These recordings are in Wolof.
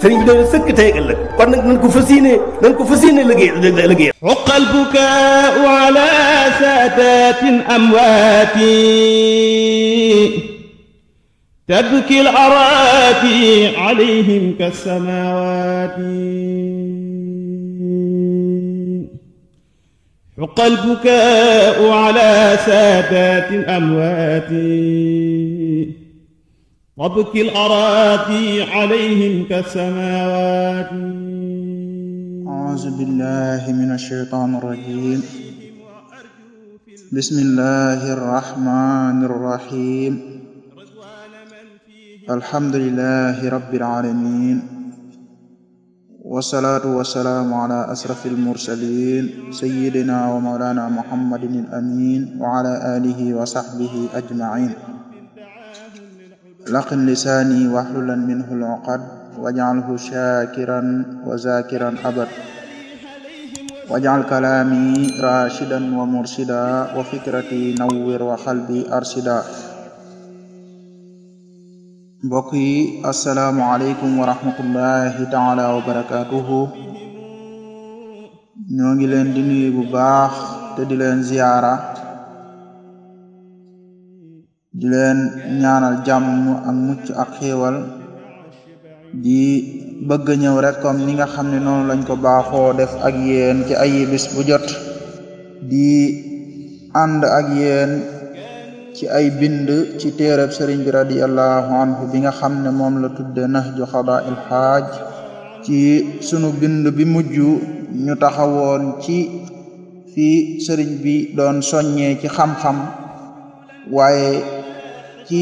sëriñ bi de sëkk tey ëllëg kon nag nañ ko fas yéene nañ ko fas yéene liggéey liggéey uqal bukaau ala saadatin amwaati tabki al araati alayhim kasamawaati حق البكاء على سادات أمواتي وابكي الأراضي عليهم كالسماوات أعوذ بالله من الشيطان الرجيم بسم الله الرحمن الرحيم الحمد لله رب العالمين والصلاة والسلام على أشرف المرسلين سيدنا ومولانا محمد الأمين وعلى آله وصحبه أجمعين laqin lisaani waxlulan minhu luqad wajaalhu shaakiran wa zakiran abad wajaal kalaami rashidan wa mursida wa fikrati nawwir wa xalbi arshida mbokk yi asalaamu aleykum wa rahmatullahi taala wa barakatuhu ñoo ngi leen di nuyu bu baax te di leen ziyaara leen ñaanal jàmm ak mucc ak xéewal di bëgg ñëw rek comme ni nga xam ne noonu lañ ko baaxoo def ak yéen ci ay bis bu jot di ànd ak yéen ci ay bind ci téereb sëriñ bi radiallahu anhu bi nga xam ne moom la tudde nax xadail xaaj ci sunu bind bi mujj ñu taxawoon ci fi sëriñ bi doon soññee ci xam-xam waaye ci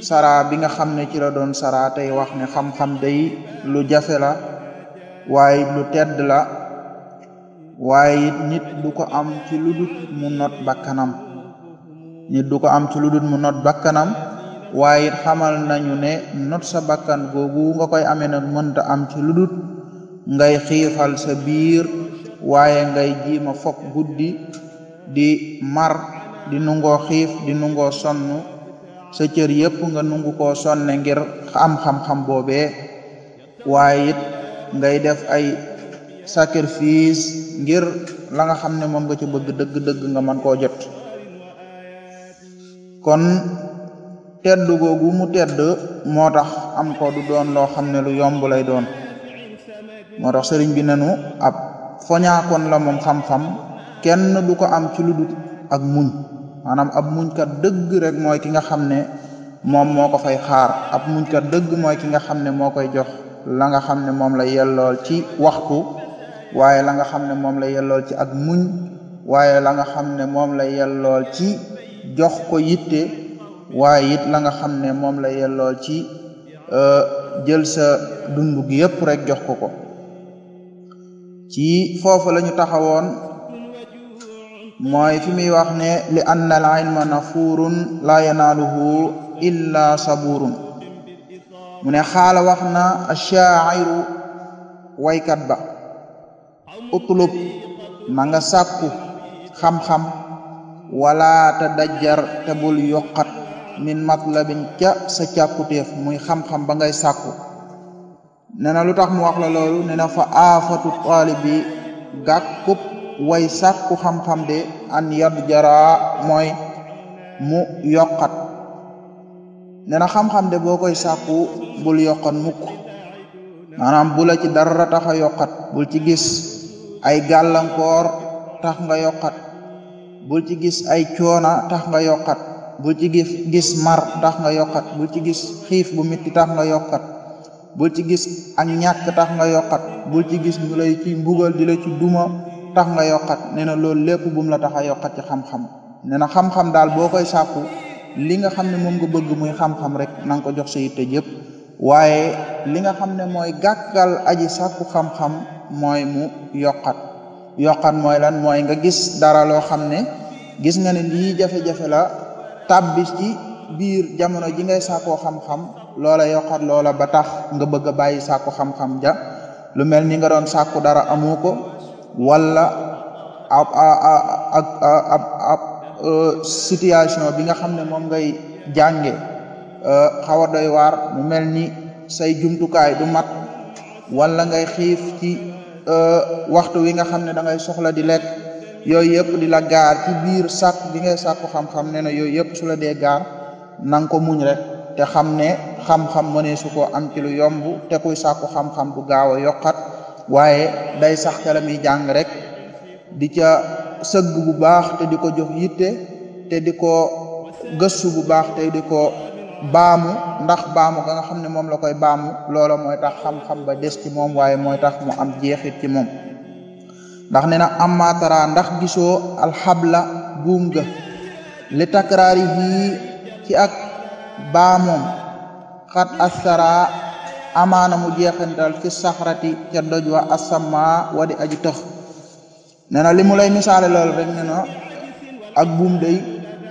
saraa bi nga xam ne ci la doon sara tey wax ne xam-xam day lu jafe la waaye lu tedd la waaye nit du ko am ci lu dut mu not bakkanam nit du ko am ci lu dut mu not bakkanam waaye xamal nañu ne not sa bakkan googu nga koy amee na mënta am ci lu dut ngay xiifal sa biir waaye ngay jiima fokk guddi di mar di nungoo xiif di nungoo sonn sa cër yëpp nga nungu ko sonne ngir am xam-xam boobee waaye it ngay def ay sacrifice ngir la nga xam ne moom nga ci bëgg dëgg-dëgg nga mën koo jot kon tedd googu mu tedd moo tax am ko doon loo xam ne lu yomb lay doon moo tax sëriñ bi nenu ab foñaakoon la moom xam-xam kenn du ko am ci lu ak muñ maanaam ab muñkat dëgg rek mooy ki nga xam ne moom moo ko fay xaar ab muñkat dëgg mooy ki nga xam ne moo koy jox la nga xam ne moom la yellool ci waxtu waaye la nga xam ne moom la yellool ci ak muñ waaye la nga xam ne moom la yellool ci jox ko yitte waaye it la nga xam ne moom la yellool ci euh, jël sa dund gi yëpp rek jox ko ko ci foofu lañu taxawoon mooy fi muy wax ne li anna al ilma nafuurun laa yanaaluhu illa sabuurun mu ne xaala wax na ashaa'iru waykat ba utlub na nga sàkku xam-xam wala te dajjar te bul yokkat min matlabin ca sa càkkutéef muy xam-xam ba ngay sàkku nee na lu tax mu wax la loolu nee na fa aafatu taalib bi gàkkub way sàkku xam-xam de an yad jara mooy mu yokkat nee na xam-xam de boo koy sàkku bul yokkat mukk maanaam bu la ci dara tax a yokkat bul ci gis ay gàllankoor tax nga yokkat bul ci gis ay coona tax nga yokkat bul ci gis gis mar tax nga yokkat bul ci gis xiif bu metti tax nga yokkat bul ci gis ak ñàkk tax nga yokkat bul ci gis ñu lay ci mbugal di la ci duma tax nga yokkat nee na loolu lépp bu mu la tax a yokkat ci xam-xam nee na xam-xam daal boo koy sàkku li nga xam ne moom nga bëgg muy xam-xam rek na nga ko jox sa yitte yëpp waaye li nga xam ne mooy gàkkal aji sàkku xam-xam mooy mu yokkat mooy lan mooy nga gis dara loo xam ne gis nga ne lii jafe-jafe la tàbbi ci biir jamono ji ngay saako xam-xam loola yokkat loola ba tax nga bëgg a bàyyi sàkku xam-xam ja lu mel ni nga doon sàkku dara amoo wala ab ab ab ab e, situation bi nga xam ne moom ngay jànge e, xaw a doy waar mu mel ni say jumtukaay du mat wala ngay xiif ci e, waxtu wi nga xam ne dangay soxla di lekk yooyu yëpp di la gaar ci biir sàkk bi ngay sàkku xam-xam ne na yooyu yëpp su la dee gaar na ko muñ rek te xam ne xam-xam mënee su ko am ci lu yomb te kuy sàkku xam-xam du gaaw a yokkat waaye day sax ca la jàng rek di ca sëgg bu baax te di ko jox yitte te di ko gëstu bu baax te di ko baamu ndax baamu ka nga xam ne moom la koy baamu loola mooy tax xam-xam ba des ci moom waaye mooy tax mu am jeexit ci moom ndax nee na amatara ndax gisoo alxabla buum ga li takraari yii ci ak baamoom xat asara amaana mu jeexantal fi saxrati ca doj wa asama wa di aji tëx nee na li mu lay misaale loolu rek ne na ak buum day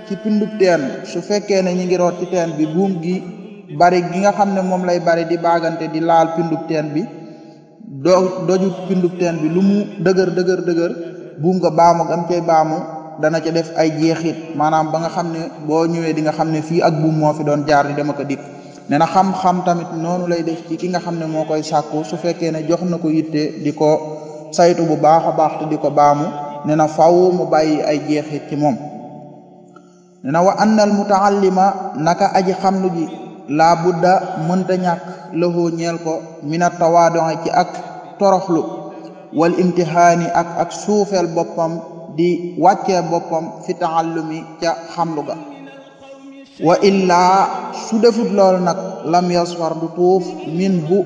ci pindub teen su fekkee ne ñi ngi root ci teen bi buum gi bari gi nga xam ne moom lay bari di bagante di laal pindub teen bi do doju pindub teen bi lu mu dëgër dëgër dëgër buum nga baamu gam cay baamu dana ca def ay jeexit maanaam ba nga xam ne boo ñëwee di nga xam ne fii ak buum moo fi doon jaar di dem ak a dikk nena na xam-xam tamit noonu lay def ci ki nga xam ne moo koy sàkku su fekkee ne jox na ko yitte di ko saytu bu baax a baax te di ko baamu nee na faw mu bàyyi ay jeexit ci moom nee na wa annal mutaallima naka aji xamlu ji laa budda mënta ñàkk lëhoo ñeel ko mina tawaadon ci ak toroxlu wal imtihaani ak ak suufeel boppam di wàccee boppam fi taallumi ca xamlu ga wa illaa su defut lool nag lam yasfar du tuuf bu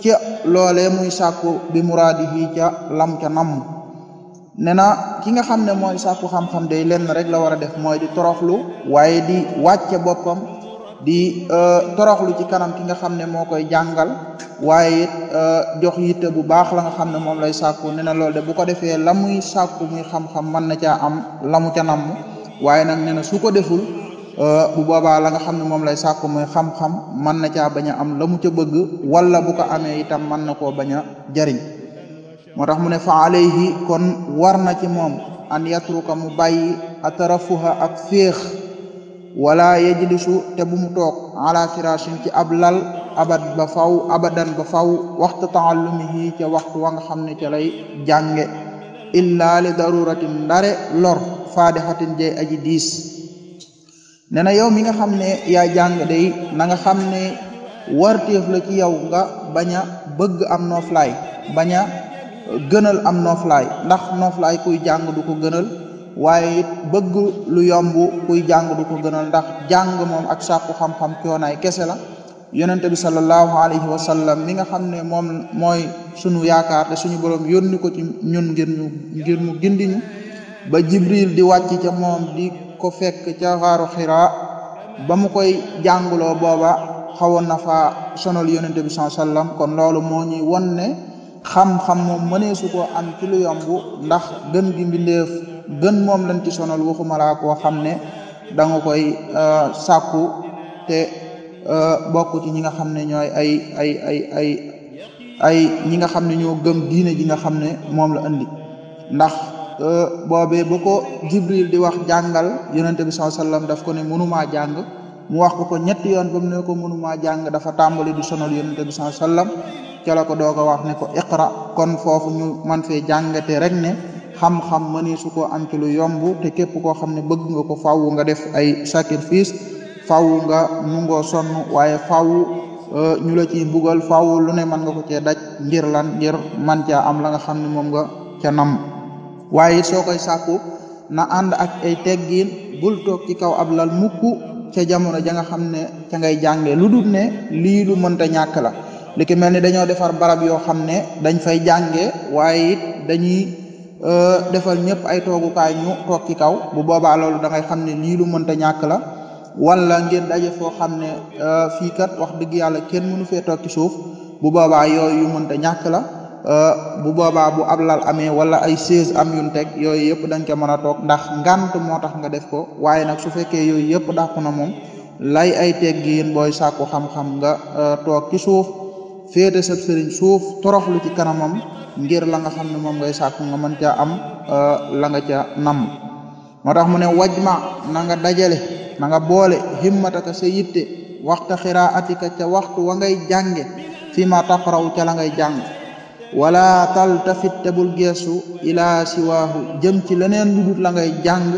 ca loolee muy sàkku bi muraadihi ca lam ca namm ne na ki nga xam ne mooy sàkku xam-xam day lenn rek la war a def mooy di toroxlu waaye di wàcce boppam di e, toroxlu ci kanam ki nga xam ne moo koy jàngal waaye it e, jox yitte bu baax la nga xam ne moom lay sàkku ne na loolu de bu ko defee la muy sàkku muy xam-xam mën na caa am la mu ca namm waaye nag ne na su ko deful Euh, bu boobaa la nga xam ne moom lay sàkku muy xam-xam mën na caa bañ a am la mu ca bëgg wala bu ko amee itam mën na koo bañ a jariñ moo tax mu ne fa alayhi kon war na ci moom an yatruka mu bàyyi atarafuha ak fiix wala yajlisu te bu mu toog ala firashin ci ab lal abad ba faw abadan ba faw waxtu taallumihi ca waxtu wa nga xam ne ca lay jànge illa li daruratin ndare lor faadixatin jay aji diis nee na yow mi nga xam ne yaay jàng day na nga xam ne warteef la ci yow nga bañ a bëgg am nooflaay bañ a uh, gënal am nooflaay ndax nooflaay kuy jàng du ko gënal waaye it bëgg lu yomb kuy jàng du ko gënal ndax jàng moom ak sàkku xam-xam coonaay kese la yonente bi sallallahu alayhi wa sallam mi nga xam ne moom mooy sunu yaakaar te suñu borom yónni ko ci ñun ngir ñu ngir mu gindi ba jibril di wàcc ca moom di ko fekk ca xaaru xiraa ba mu koy jànguloo booba xawoon na fa sonal yonente bi saa sallam kon loolu moo ñuy won ne xam-xam moom mëneesu koo am ci lu yomb ndax gën gi mbindeef gën moom lañ ci sonal waxuma laa koo xam ne da nga koy euh, sàkku te euh, bokk ci ñi nga xam ne ñooy ay ay ay ay ñi nga xam ne ñoo gëm diine ji nga xam ne moom la indi ndax Euh, boobee bu ko jibril di wax jàngal yonente bi sallallahu alayhi daf ko ne mënumaa jàng mu wax ko ko ñetti yoon ba mu ne ko mënumaa jàng dafa tàmbali du sonal yonente bi sallallahu alayhi wasallam ca la ko doog a wax ne ko iqra kon foofu ñu man fee jàngate rek ne xam-xam mëni ko am ci lu yomb te képp koo xam ne bëgg nga ko faaw nga def ay sacrifice faaw nga nungoo sonn waaye faaw euh, ñu la ciy mbugal faaw lu ne mën nga ko cee daj ngir lan ngir man caa am la nga xam ne moom nga ca nam waaye soo koy sàkku na ànd ak ay teggin bul toog ci kaw ab lal mukk ca jamono ja nga xam ne ca ngay jàngee lu dul ne liilu lu mënta ñàkk la li ki mel ni dañoo defar barab yoo xam ne dañ fay jànge waaye it dañuy euh, defar ñëpp ay toogukaay ñu toog ci kaw bu boobaa loolu da ngay xam ne lii lu mënta ñàkk la wala ngeen daje foo xam ne euh, fii kat wax dëgg yàlla kenn mënu fee toog ci suuf bu boobaa yooyu yu mënta ñàkk la Euh, bu boobaa bu ab lal amee wala ay chaise am yun teg yooyu yëpp dañ ko mën a toog ndax ngant moo tax nga def ko waaye nag su fekkee yooyu yëpp dàqu na moom lay ay teggiin booy sàkku xam-xam nga euh, toog ci suuf féete sab sëriñ suuf toroxlu ci kanamam ngir la nga xam ne moom ngay sàkku nga mën caa am euh, la nga ca nam moo tax mu ne wajma na nga dajale nanga nga boole himmataka sa yitte waxta xiraatika ca waxtu wa ngay jànge fi ma taqraw ca la ngay jàng wala taltafit te bul geesu ilaa siwaahu jëm ci leneen lu la ngay jàng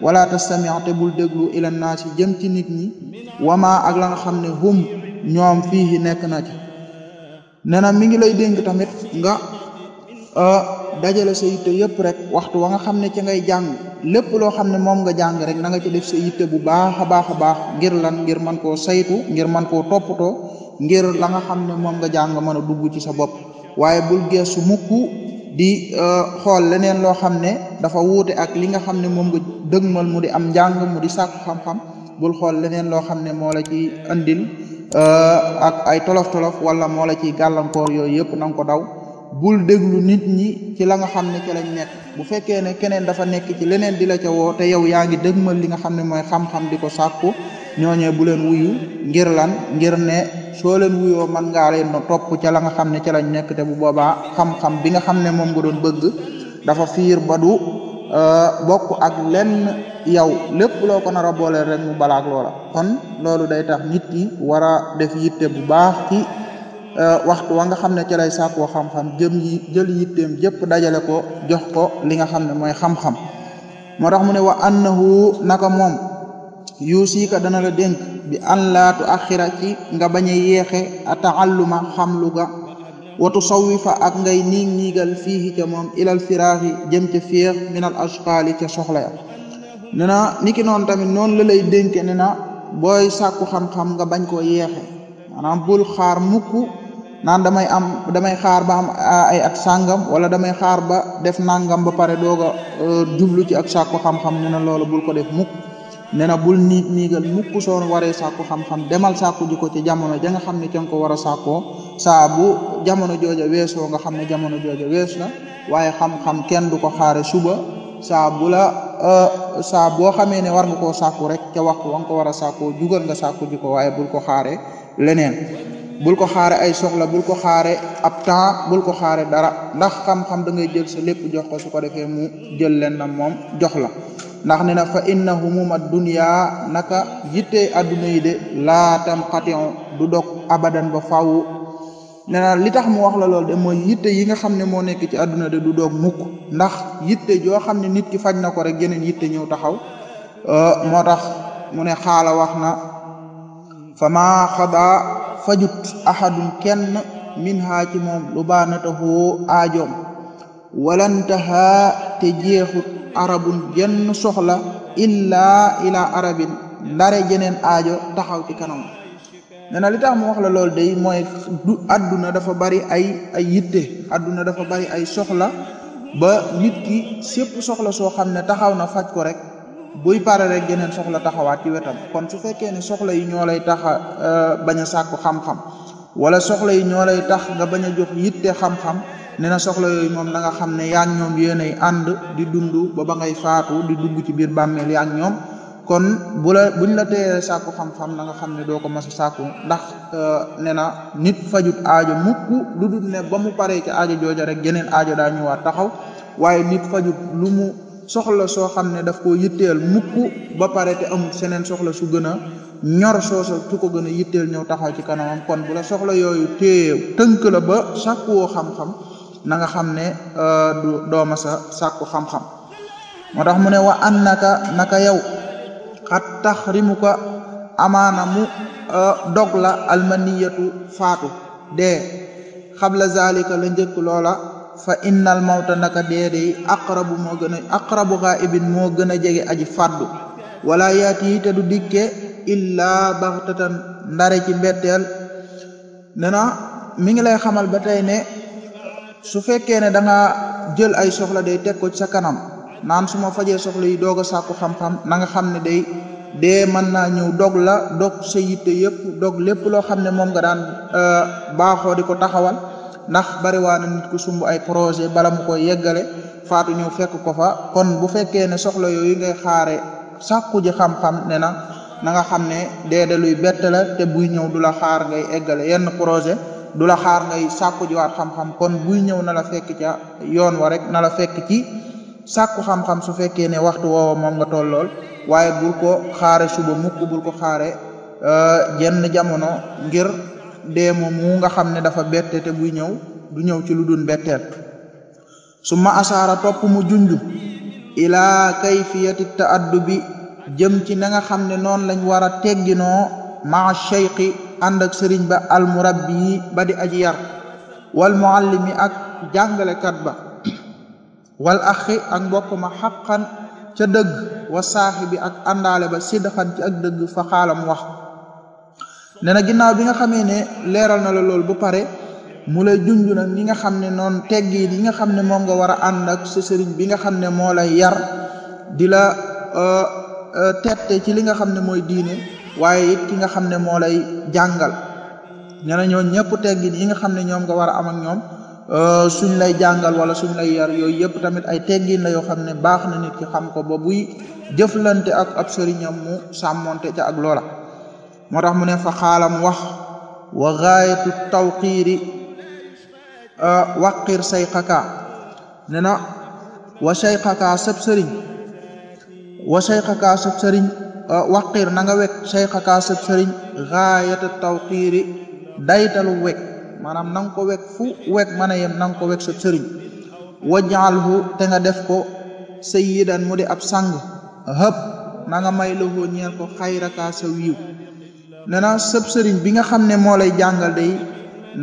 wala tastami te bul déglu ila naasi jëm ci nit ñi wama ak la nga xam ne hum ñoom fii nekk na ci nee na mi ngi lay dénk tamit nga euh, dajale sa yitte yëpp rek waxtu wa nga xam ne ci ngay jàng lépp loo xam ne moom nga jàng rek na nga ci def sa yitte bu baax a baax a baax ngir lan ngir man koo saytu ngir man koo toppatoo ngir la nga xam ne moom nga jàng mën a dugg ci sa bopp waaye bul geesu mukk di euh, xool leneen loo xam ne dafa wuute ak li nga xam ne moom nga dëgmal mu di am njàng mu di sàkku xam-xam bul xool leneen loo xam ne moo la ci andil euh, ak ay tolof-tolof wala moo la ciy gàllankoor yooyu yëpp na ko daw bul déglu nit ñi ci la nga xam ne ci lañ nekk bu fekkee ne keneen dafa nekk ci leneen di la ca woo te yow yaa ngi dëgmal li nga xam ne mooy xam-xam di ko sàkku ñooñee bu leen wuyu ngir lan ngir ne soo leen wuyoo mën ngaa leen no topp ca la nga xam ne ca lañ nekk te bu boobaa xam-xam bi nga xam ne moom nga doon bëgg dafa fiir ba du euh, bokk ak lenn yow lépp loo ko nar a booleel rek mu balaak loola kon loolu day tax nit ki war a def yitte bu baax ci Euh, waxtu wa nga xam ne ci lay sàkkoo xam-xam jëm yi jël yitteem jëpp dajale ko jox ko li nga xam ne mooy xam-xam moo tax mu ne wa annahu naka moom yuusika dana la dénk bi an laatu axira ci nga bañ a yeexe a xam xamlu ga watu sawwi fa ak ngay niig niigal fii ca moom ilal firaaxi jëm ca féex minal asqaali ca soxla ya ne na niki noonu tamit noonu la lay dénke ne na booy sàkku xam-xam nga bañ koo yeexe maanaam bul xaar mukk naan damay am damay xaar ba am ay at sàngam wala damay xaar ba def nangam ba pare doog a e, jublu ci ak sàkku xam-xam ne na bul ko def mukk ne na bul niig niigal mukk soo waree sàkku xam-xam demal sàkku ji ko ci jamono ja nga xam ne ca nga ko war a sàkkoo saa bu jamono jooja weesoo nga xam ne jamono jooja wees na waaye xam kenn du ko xaare suba saa bula la e, saa boo xamee ne war nga koo sàkku rek ca waxtu wa nga ko war a sàkkoo jugal nga sàkku ji ko waaye bul ko xaare leneen bul ko xaare ay soxla bul ko xaare ab temps bul ko xaare dara ndax xam-xam da ngay jël sa lépp jox ko su ko defee mu jël leen na moom jox la ndax ne na fa inna humuma dunya naka yitte adduna yi de laatam tam xation du dog abadan ba faaw ne na li tax mu wax la lool de mooy yitte yi nga xam ne moo nekk ci adduna de du dog mukk ndax yitte joo xam ne nit ki faj na ko rek yeneen yitte ñëw taxaw euh, moo tax mu ne xaala wax na fa ma xada fajut ahadun kenn min haa ci moom lu baanatahoo aajoom walantaha te jeexut arabun jenn soxla illaa ilaa arabin ndare jeneen aajo taxaw ci kanam nena li tax mu wax la loolu day mooy du àdduna dafa bari ay ay yitte àdduna dafa bari ay soxla ba nit ki sépp soxla soo xam ne taxaw na faj ko rek buy pare rek jeneen soxla taxawaat ci wetam kon su fekkee ne soxla yi ñoo lay tax a e, bañ a sàkku xam-xam wala soxla yi ñoo lay tax nga bañ a jox yitte xam-xam nee na soxla yooyu moom na nga xam ne yaa ngi ñoom yéenay ànd di dund ba ba ngay faatu di dugg ci biir bàmmeel yaa ngi ñoom kon bu la buñ la teeree sàkku xam-xam na nga xam ne doo ko mas a sàkku ndax e, nee na nit fajut aajo mukk lu dul ne ba mu paree ci aajo jooja rek geneen aajo daa ñëwaat taxaw waaye nit fajut lu soxla soo xam ne daf koo yitteel mukk ba pare te amul seneen soxla su gën a ñor soosa su ko gën a yitteel ñëw taxaw ci kanamam kon bu la soxla yooyu téye tënk la ba sàkkuwoo xam-xam na nga xam ne euh, du dooma sa xam-xam moo tax mu ne wa annaka naka yow xat taxrimuka amaana mu euh, dog la almaniyatu faatu dee xabla zalika la njëkk loola fa innal mawta naka dee dey aqrabu moo gën a aqrabu xaa'ibin moo gën a jege aji fàddu wala yaati te du dikke illaa baxtatan ndare ci mbetteel ne na mi ngi lay xamal ba tey ne su fekkee ne danga jël ay soxla day teg ko ci sa kanam naan su ma fajee soxla yi doog a sàkku xam-xam na xam ne day dee mën naa ñëw dog la dog sa yitte yëpp dog lépp loo xam ne moom nga daan euh, baaxoo di ko taxawal ndax bari waa na nit ku sumb ay projet bala mu koy yeggale faatu ñëw fekk ko fa kon bu fekkee ne soxla yooyu ngay xaare sàkku ji xam-xam ne na na nga xam ne deede luy bett la te buy ñëw du la xaar ngay eggale yenn projet du la xaar ngay sàkku ji waat xam-xam kon buy ñëw na la fekk ca yoon wa rek na la fekk ci sàkku xam-xam su fekkee ne waxtu woowa moom nga tollool waaye bul ko xaare suba mukk bul ko xaare euh, jenn jamono ngir dee moom mu nga xam ne dafa bette te buy ñëw du ñëw ci lu dun betteet su ma asara topp mu junju ilaa kayfiyati bi jëm ci na nga xam ne noonu lañ war a tegginoo maa cheyqi ànd ak sëriñ ba almurabbi yi ba di aji yar wal muallimi ak jàngalekat ba wal axi ak mbokk ma xaqan ca dëgg wa saaxi bi ak àndaale ba sidxan ci ak dëgg fa xaalam wax nee na ginnaaw bi nga xamee ne leeral na la loolu bu pare mu lay junj nag ñi nga xam ne noon teggiit yi nga xam ne moom nga war a ànd ak sa sëriñ bi nga xam ne moo lay yar di la euh, euh, tette ci li nga xam ne mooy diine waaye it ki nga xam ne moo lay jàngal nee na ñoom ñëpp teggiit yi nga xam ne ñoom nga war a am ak ñoom euh, suñ lay jàngal wala suñ lay yar yooyu yëpp tamit ay teggiin la yoo xam ne baax na nit ki xam ko ba buy jëflante ak ab sëriñam mu sàmmonte ca ak loola moo tax mu ne fa xaalam wax wa gaayatu tawqiiri waqir sayqaka ne na wa sayqaka sab sëriñ wa sayqaka sab sëriñ waqir nanga nga wek sayqaka sab sëriñ gaayatu tawqiiri daytalu wek maanaam nang nga ko wek fu wek mën yem na ko wek sab sëriñ wajaalhu te nga def ko sayyidan mu di ab sang hëb na nga may loxoo ñeel ko xayraka sa wiiw nee na sëb sëriñ bi nga xam ne moo lay jàngal day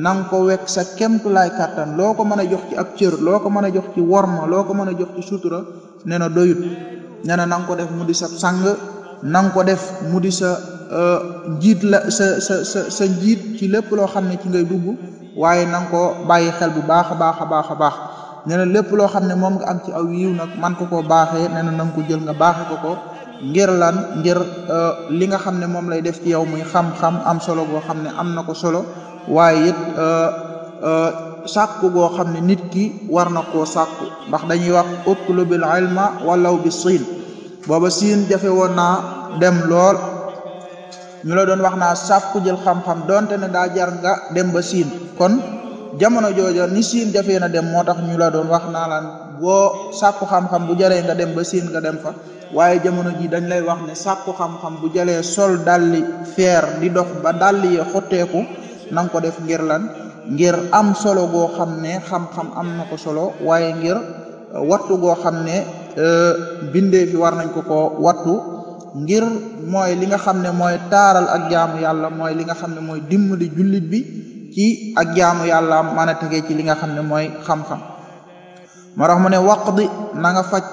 na ko wekk sa kemtulaay kàttan loo ko mën a jox ci ab cër loo ko mën a jox ci worma loo ko mën a jox ci sutura nee na doyut nee na na ko def mu di sa sang na ko def mu di sa euh, njiit la sa sa sa sa njiit ci lépp loo xam ne ci ngay dugg waaye na ko bàyyi xel bu baax a baax a baax a baax nee na lépp loo xam ne moom nga am ci aw yiw nag man ko koo baaxee nee na nanga ko jël nga baaxe ko ko ngir lan ngir euh, li nga xam ne moom lay def ci yow muy xam-xam am solo goo xam ne am na ko solo waaye it euh, euh, sàkku goo xam ne nit ki war na koo sàkku ndax dañuy wax utlubil ilma walaw bi siin booba siin jafe woon naa dem lool ñu la doon wax naa sàkku jël xam-xam donte ne daa jar nga dem ba siin kon jamono jooja ni siin jafee na dem moo tax ñu la doon wax naa lan boo sàkku xam-xam bu jaree nga dem ba siin nga dem fa waaye jamono ji dañ lay wax ne sàkku xam-xam bu jaree sol dalli feer di dox ba dalli yi xotteeku na ko def ngir lan ngir am solo goo xam ne xam-xam am na ko solo waaye ngir uh, wattu goo xam ne uh, bindee fi war nañ ko ko wattu ngir mooy li nga xam ne mooy taaral ak jaamu yàlla mooy li nga xam ne mooy dimbali jullit bi ci ak jaamu yàlla mën a tegee ci li nga xam ne mooy xam-xam moo tax ne wax na nga faj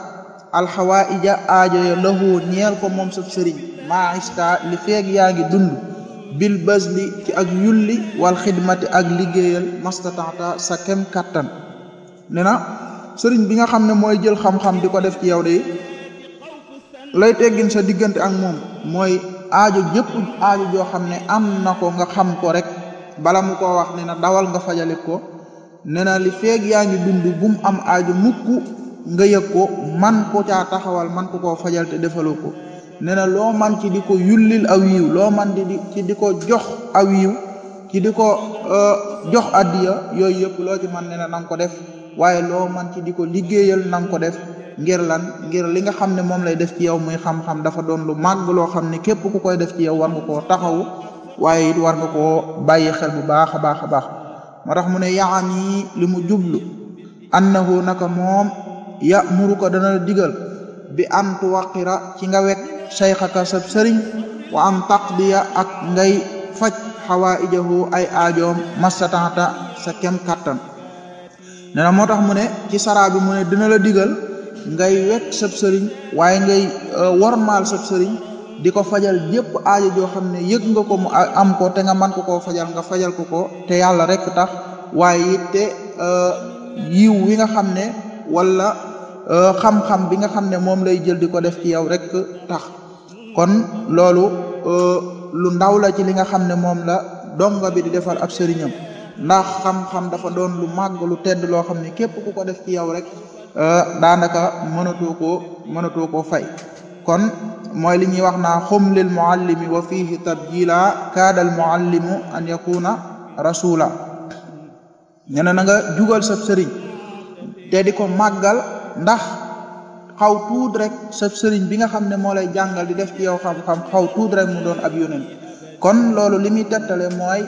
alxawaija aajo ya lahu ñeel ko moom sab sëriñ maa li feeg yaa ngi dund bil basli ci ak yulli wal xidmati ak liggéeyal mastatanta sa kem kattan ne na sëriñ bi nga xam ne mooy jël xam-xam di ko def ci yow de lay teggin sa diggante ak moom mooy aajo jëpp aajo joo xam ne am na ko nga xam ko rek bala mu ko wax ne na dawal nga fajale ko ne na li feeg yaa ngi dund bu mu am aaju mukk nga yëg ko man ko caa taxawal man ko koo fajal te defaloo ko ne na loo man ci di ko yullil aw yiw loo man di ci di ko jox aw yiw ci di ko euh, jox addiya yooyu yëpp loo ci man ne na na nga ko def waaye loo man ci di ko liggéeyal na ko def ngir lan ngir li nga xam ne moom lay def ci yow muy xam-xam dafa doon lu màgg loo xam ne képp ku koy def ci yow war nga koo taxawu waaye it war nga koo bàyyi xel bu baax a baax a baax moo tax mu ne yaam yi li mu na annahu naka moom ya muruka dana digal bi an tuwaqira ci nga wekk sayxaka sab sëriñ wa an taqdiya ak ngay faj xawaijahu ay aajoom masatanta sa kem kattan nee moo tax mu ne ci saraa bi mu ne dina la digal ngay wekk sab sëriñ waaye ngay euh, wormaal sab sëriñ di ko fajal jëpp aajo joo xam ne yëg nga ko mu am ko te nga man ko koo fajal nga fajal ko ko te yàlla rek tax waaye it te euh, yiw wi nga xam ne wala euh, xam-xam bi nga xam ne moom lay jël di ko def ci yow rek tax kon loolu euh, lu ndaw la ci li nga xam ne moom la donga bi di defal ab ndax xam-xam dafa doon lu màgg lu tedd loo xam ne képp ku ko def ci yow rek daanaka mënatoo ko mënatoo koo fay kon mooy li ñuy wax naa xum lil muallimi wa fihi tabjila kaada al muallimu an yakuna rasula nee na na nga jugal sab sëriñ te di ko màggal ndax xaw tuut rek sab sëriñ bi nga xam ne moo lay jàngal di def ci yow xam-xam xaw tuut rek mu doon ab yónent kon loolu li muy tettale mooy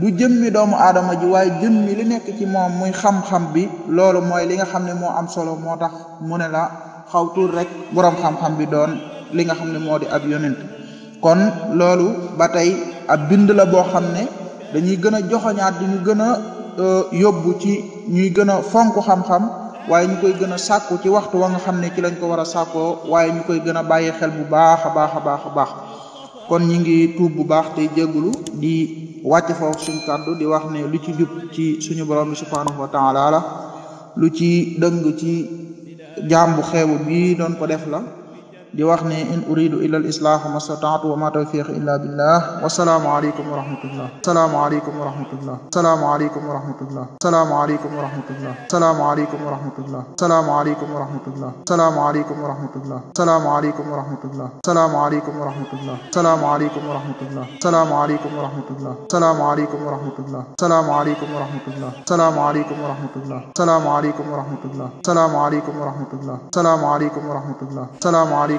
du jëmmi doomu aadama ji waaye jëmmi li nekk ci moom muy xam-xam bi loolu mooy li nga xam ne moo am solo moo tax mu ne la xaw tuur rek borom xam-xam bi doon li nga xam ne moo di ab yonent kon loolu ba tey ab bind la boo xam ne dañuy gën a joxoñaat di ñu gën a e, yóbbu ci ñuy gën a fonk xam-xam waaye ñu koy gën a sàkku ci waxtu wa nga xam ne ci lañ ko war a sàkkoo waaye ñu koy gën a bàyyi xel bu baax a baax a baax a baax kon ñu ngi tuub bu baax tey jéggulu di wàcc foofu suñu kàddu di wax ne lu ci jub ci suñu borom bi subhanahu wa taala lu ci dëng ci jaam bu xeebu bii doon ko def la di wax ne in uridu illa al islah ma stataatu wa ma tawfiq illa billah wasalaamu aleykum wa rahmatullah salaamu aleykum wa rahmatullah salaamu aleykum wa rahmatullah salaamu aleykum wa rahmatullah salaamu aleykum wa rahmatullah salaamu aleykum wa rahmatullah salaamu aleykum wa rahmatullah salaamu aleykum wa rahmatullah salaamu aleykum wa rahmatullah salaamu aleykum wa rahmatullah salaamu aleykum wa rahmatullah salaamu aleykum wa rahmatullah salaamu aleykum wa rahmatullah salaamu aleykum wa rahmatullah salaamu aleykum wa rahmatullah salaamu aleykum wa rahmatullah salaamu aleykum wa rahmatullah salaamu aleykum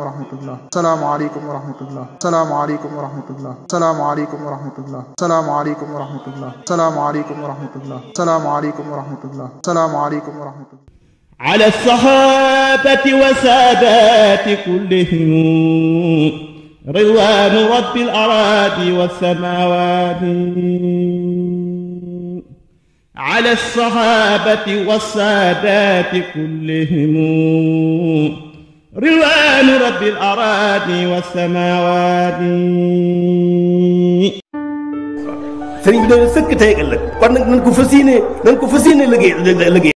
wa rahmatullah salaamu aleykum wa rahmatullah salaamu aleykum wa rahmatullah salaamu aleykum wa rahmatullah salaamu aleykum wa rahmatullah salaamu aleykum wa rahmatullah salaamu aleykum wa rahmatullah salaamu aleykum wa rahmatullah على الصحابة والسادات كلهم رضوان رب الأراضي والسماوات على الصحابة والسادات كلهم ridwaanu rabbil araadi wasamaawaati sëriñ bi de sëkk tey ëllëg kon nag nañ ko fas yéene nañ ko fas yéene liggéey liggéey